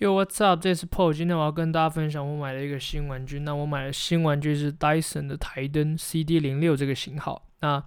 Yo, what's up？這是 Paul。今天我要跟大家分享，我買了一個新玩具。那我買的新玩具是 Dyson 的台燈，CD 零六這個型號。那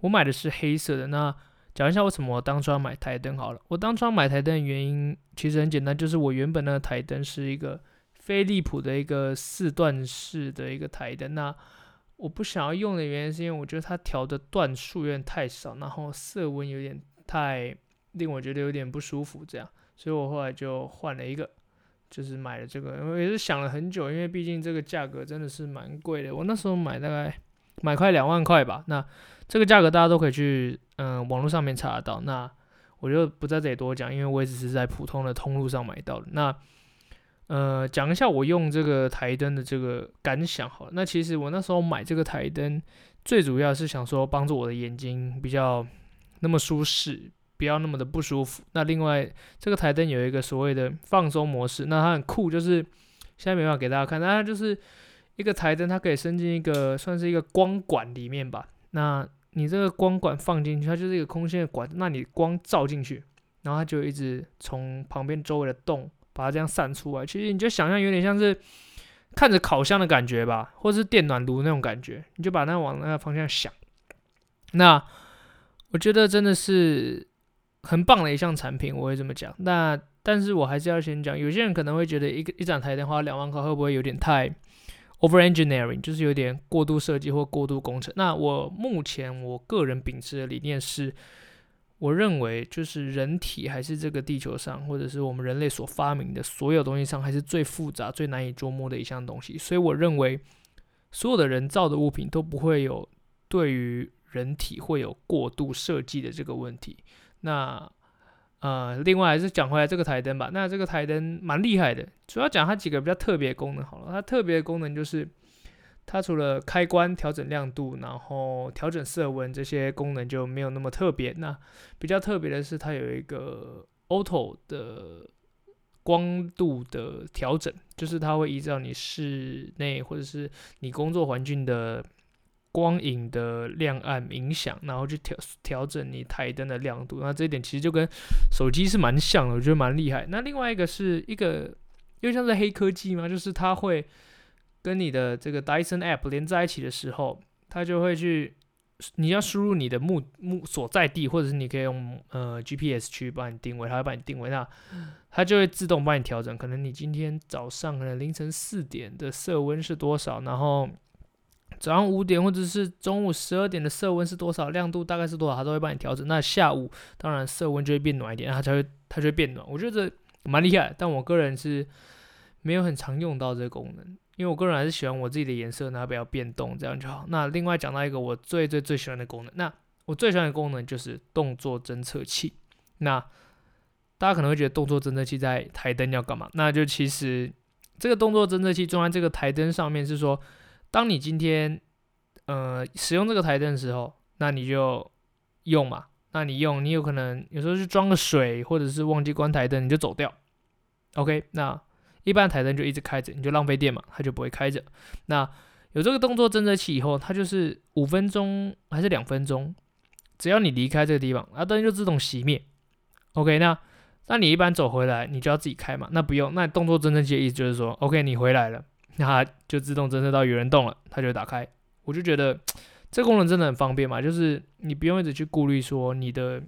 我買的是黑色的。那講一下為什麼我當初要買台燈好了。我當初要買台燈的原因其實很簡單，就是我原本那個台燈是一個飛利浦的一個四段式的一個台燈。那我不想要用的原因是因為我覺得它調的段數有點太少，然後色溫有點太，令我覺得有點不舒服這樣。所以我後來就換了一個，就是買了這個，嗯、因為也是想了很久，因為畢竟這個價格真的是蠻貴的。我那時候買大概買快兩萬塊吧，那這個價格大家都可以去嗯、呃、網絡上面查得到。那我就不在這裡多講，因為我只是在普通的通路上買到的。那呃，講一下我用這個檯燈的這個感想好了。那其實我那時候買這個檯燈，最主要是想說幫助我的眼睛比較那麼舒適，不要那麼的不舒服。那另外，這個台燈有一個所謂的放鬆模式，那它很酷，就是現在沒辦法給大家看。那它就是一個台燈，它可以伸進一個算是一個光管裡面吧。那你這個光管放進去，它就是一個空心的管。那你光照進去，然後它就一直從旁邊周圍的洞把它這樣散出來。其實你就想象有點像是看着烤箱的感覺吧，或者是電暖爐那種感覺。你就把它往那個方向想。那我覺得真的是。很棒的一項產品，我會這麼講。那但是我還是要先講，有些人可能會覺得一個一盞檯燈花兩萬塊會不會有點太 overengineering，就是有點過度設計或過度工程。那我目前我個人秉持的理念是，我認為就是人體還是這個地球上或者是我們人類所發明的所有東西上，還是最複雜、最難以捉摸的一項東西。所以我認為所有的人造的物品都不會有對於人體會有過度設計的這個問題。那，呃，另外還是講回來這個檯燈吧。那這個檯燈蠻厲害的，主要講它幾個比較特別的功能好了，它特別的功能就是，它除了開關、調整亮度、然後調整色溫這些功能就沒有那麼特別。那比較特別的是，它有一個 auto 的光度的調整，就是它會依照你室內或者是你工作環境的。光影的亮暗影響，然後去調調整你檯燈的亮度。那這一點其實就跟手機是蠻像的，我覺得蠻厲害。那另外一個是一個，因為像是黑科技嘛，就是它會跟你的這個 Dyson App 連在一起的時候，它就會去，你要輸入你的目目所在地，或者是你可以用呃 GPS 去幫你定位，它會幫你定位，那它就會自動幫你調整。可能你今天早上可能凌晨四點的色溫是多少，然後。早上五點或者是中午十二點的色溫是多少，亮度大概是多少，它都會幫你調整。那下午當然色溫就會變暖一點，它才會它就會變暖。我覺得蠻厲害，但我個人是沒有很常用到這個功能，因為我個人還是喜歡我自己的顏色，然後不要變動，這樣就好。那另外講到一個我最、最最最喜歡的功能，那我最喜歡的功能就是動作偵測器。那大家可能會覺得動作偵測器在檯燈要幹嘛？那就其實這個動作偵測器裝在這個檯燈上面是說。當你今天，呃，使用這個檯燈的時候，那你就用嘛。那你用，你有可能有時候就裝個水，或者是忘記關檯燈，你就走掉。OK，那一般檯燈就一直開着，你就浪費電嘛，它就不會開着。那有這個動作偵測器以後，它就是五分鐘還是兩分鐘，只要你離開這個地方，那、啊、燈就自動熄滅。OK，那那你一般走回來，你就要自己開嘛。那不用，那你動作偵測器的意思就是說，OK，你回來了。那它就自動偵測到有人動了，它就打開。我就覺得這功能真的很方便嘛，就是你不用一直去顧慮說你的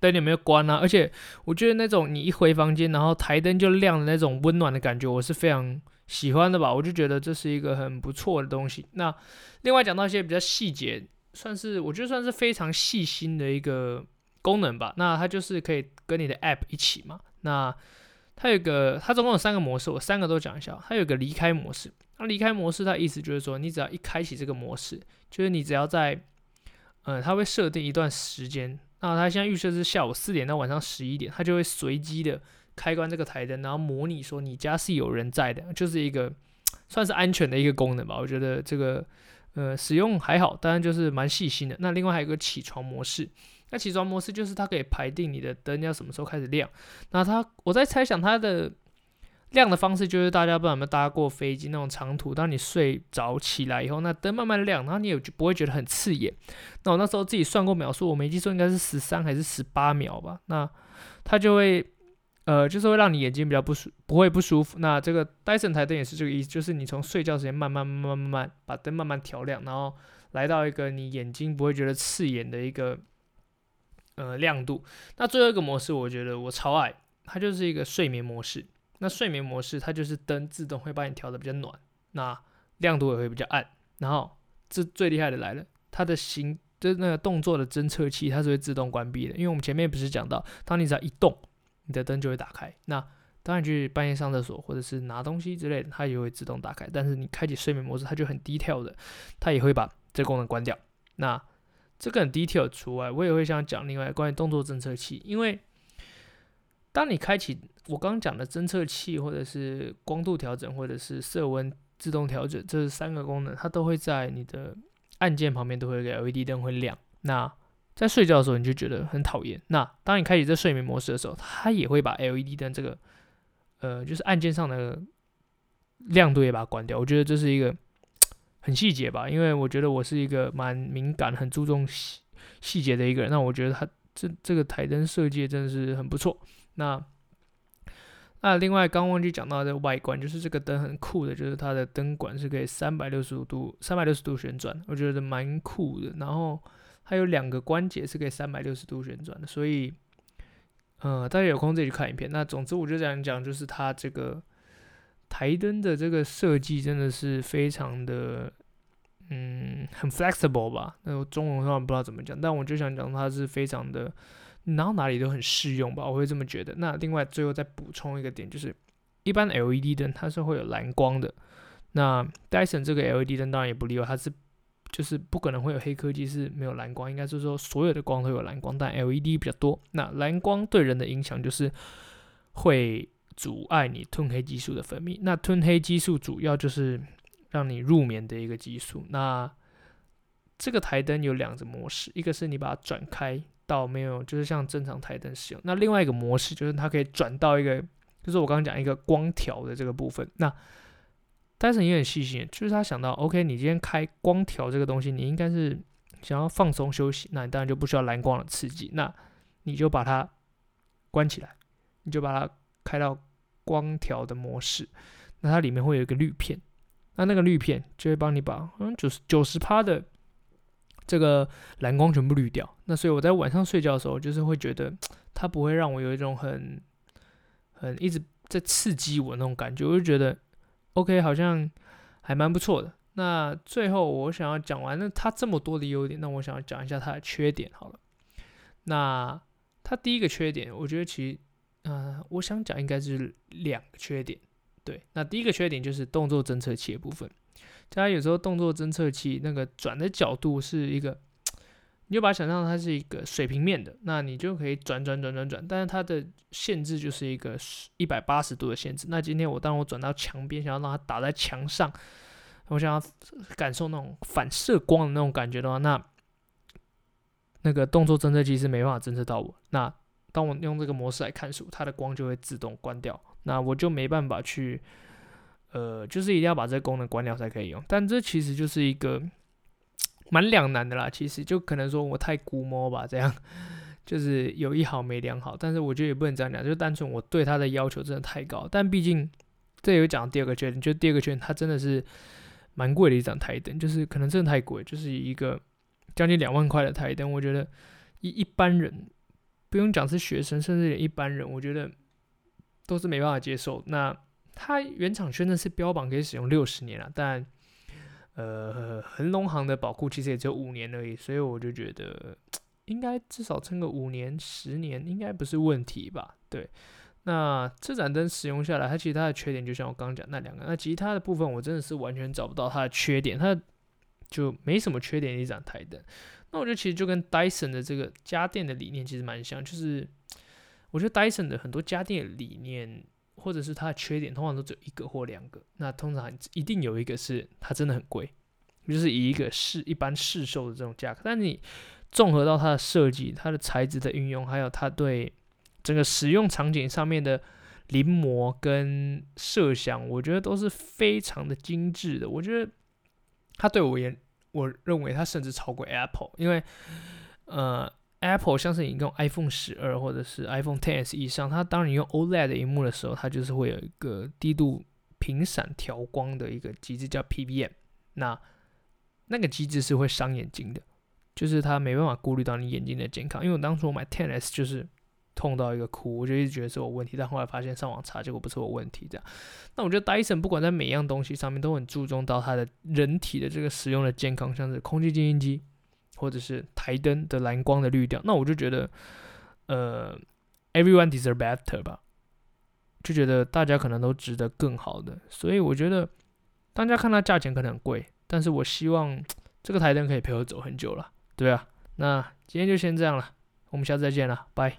燈有沒有關啊。而且我覺得那種你一回房間，然後台燈就亮的那種溫暖的感覺，我是非常喜歡的吧。我就覺得這是一個很不錯的東西。那另外講到一些比較細節，算是我覺得算是非常細心的一個功能吧。那它就是可以跟你的 App 一起嘛。那它有個，它總共有三個模式，我三個都講一下。它有一個離開模式，那離開模式它意思就是說，你只要一開啟這個模式，就是你只要在，嗯、呃，它會設定一段時間，那它現在預設是下午四點到晚上十一點，它就會隨機的開關這個台燈，然後模擬說你家是有人在的，就是一個算是安全的一個功能吧。我覺得這個，呃，使用還好，當然就是蠻細心的。那另外還有一個起床模式。那起床模式就是它可以排定你的燈要什麼時候開始亮。那它，我在猜想它的亮的方式就是大家不知道有沒有搭過飛機那種長途，當你睡着起來以後，那燈慢慢亮，然後你也就不會覺得很刺眼。那我那時候自己算過秒數，我沒記錯應該是十三還是十八秒吧。那它就會，呃，就是會讓你眼睛比較不舒，不會不舒服。那這個 Dyson 台燈也是這個意思，就是你從睡覺時間慢慢慢慢慢慢把燈慢慢調亮，然後來到一個你眼睛不會覺得刺眼的一個。呃，亮度。那最後一個模式，我覺得我超愛，它就是一個睡眠模式。那睡眠模式，它就是燈自動會把你調得比較暖，那亮度也會比較暗。然後這最厲害的來了，它的行就是那個動作的偵測器，它是會自動關閉的。因為我們前面不是講到，當你只要一動，你的燈就會打開。那當你去半夜上廁所或者是拿東西之類的，它也會自動打開。但是你開啟睡眠模式，它就很低調的，它也會把這功能關掉。那這個很 detail 除外，我也會想講另外關於動作偵測器，因為當你開啟我剛剛講的偵測器，或者是光度調整，或者是色溫自動調整這三個功能，它都會在你的按鍵旁邊都會有個 LED 燈會亮。那在睡覺的時候你就覺得很討厭。那當你開啟這睡眠模式的時候，它也會把 LED 燈這個呃就是按鍵上的亮度也把它關掉。我覺得這是一個。很細節吧，因為我覺得我是一個蠻敏感、很注重細細節的一個人。那我覺得他這這個台燈設計真的是很不錯。那那另外剛忘記講到的外觀，就是這個燈很酷的，就是它的燈管是可以三百六十五度、三百六十度旋轉，我覺得蠻酷的。然後它有兩個關節是可以三百六十度旋轉的，所以嗯、呃，大家有空自己去看影片。那總之我就想講，就是它這個。檯燈的這個設計真的是非常的，嗯，很 flexible 吧？那我中文的話不知道怎麼講，但我就想講它是非常的，然後哪裡都很適用吧，我會這麼覺得。那另外最後再補充一個點，就是一般 LED 燈它是會有藍光的，那 Dyson 這個 LED 燈當然也不例外，它是就是不可能會有黑科技是沒有藍光，應該是說所有的光都有藍光，但 LED 比較多。那藍光對人的影響就是會。阻礙你褪黑激素的分泌。那褪黑激素主要就是讓你入眠的一個激素。那這個台燈有兩種模式，一個是你把它轉開到沒有，就是像正常台燈使用；那另外一個模式就是它可以轉到一個，就是我剛剛講一個光條的這個部分。那戴森也很細心，就是他想到，OK，你今天開光條這個東西，你應該是想要放鬆休息，那你當然就不需要藍光的刺激，那你就把它關起來，你就把它開到。光調的模式，那它裡面會有一個濾片，那那個濾片就會幫你把嗯，九十九十趴的這個藍光全部濾掉。那所以我在晚上睡覺的時候，就是會覺得它不會讓我有一種很很一直在刺激我的那種感覺，我就覺得 OK，好像還蠻不錯的。那最後我想要講完，那它這麼多的優點，那我想要講一下它的缺點。好了，那它第一個缺點，我覺得其實啊，我想講應該是兩個缺點。對，那第一個缺點就是動作偵測器的部分。大家有時候動作偵測器那個轉的角度是一個，你就把它想象它是一個水平面的，那你就可以轉轉轉轉轉。但是它的限制就是一個一百八十度的限制。那今天我當我轉到牆邊，想要讓它打在牆上，我想要感受那種反射光的那種感覺的話，那那個動作偵測器是沒辦法偵測到我。那。當我用這個模式來看書，它的光就會自動關掉，那我就沒辦法去，呃，就是一定要把這個功能關掉才可以用。但這其實就是一個蠻兩難的啦，其實就可能說我太龜毛吧，這樣就是有一好沒兩好。但是我覺得也不能這樣講，就單純我對它的要求真的太高。但畢竟這又講第二個缺點，就第二個缺點它真的是蠻貴的一盞檯燈，就是可能真的太貴，就是一個將近兩萬塊的檯燈，我覺得一一般人。不用講是學生，甚至連一,一般人，我覺得都是沒辦法接受。那它原廠宣稱是標榜可以使用六十年啊，但呃恆隆行的保固其實也只有五年而已，所以我就覺得應該至少撐個五年、十年，應該不是問題吧？對。那這盞燈使用下來，它其他的缺點就像我剛剛講那兩個，那其他的部分我真的是完全找不到它的缺點，它就沒什麼缺點，一盞台燈。那我覺得其實就跟 Dyson 的這個家電的理念其實蠻像，就是我覺得 Dyson 的很多家電的理念或者是它的缺點，通常都只有一個或兩個。那通常一定有一個是它真的很貴，就是以一個市一般市售的這種價格。但你綜合到它的設計、它的材質的運用，還有它對整個使用場景上面的臨摹跟設想，我覺得都是非常的精緻的。我覺得它對我也。我認為它甚至超過 Apple，因為，呃，Apple 像是你用 iPhone 十二或者是 iPhone XS 以上，它當你用 OLED 屏幕的時候，它就是會有一個低度頻閃調光的一個機制叫 PBM，那那個機制是會傷眼睛的，就是它沒辦法顧慮到你眼睛的健康。因為我當初我買 XS 就是。痛到一個哭，我就一直覺得是我問題，但後來發現，上網查結果不是我問題這樣。那我覺得 Dyson 不管在每樣東西上面都很注重到它的人體的這個使用的健康，像是空氣淨化機或者是檯燈的藍光的濾掉。那我就覺得，呃，everyone deserves better 吧，就覺得大家可能都值得更好的。所以我覺得大家看它價錢可能很貴，但是我希望這個檯燈可以陪我走很久了，對對啊。那今天就先這樣了，我們下次再見了，拜。